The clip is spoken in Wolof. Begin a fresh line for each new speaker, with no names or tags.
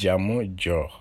jàmm joor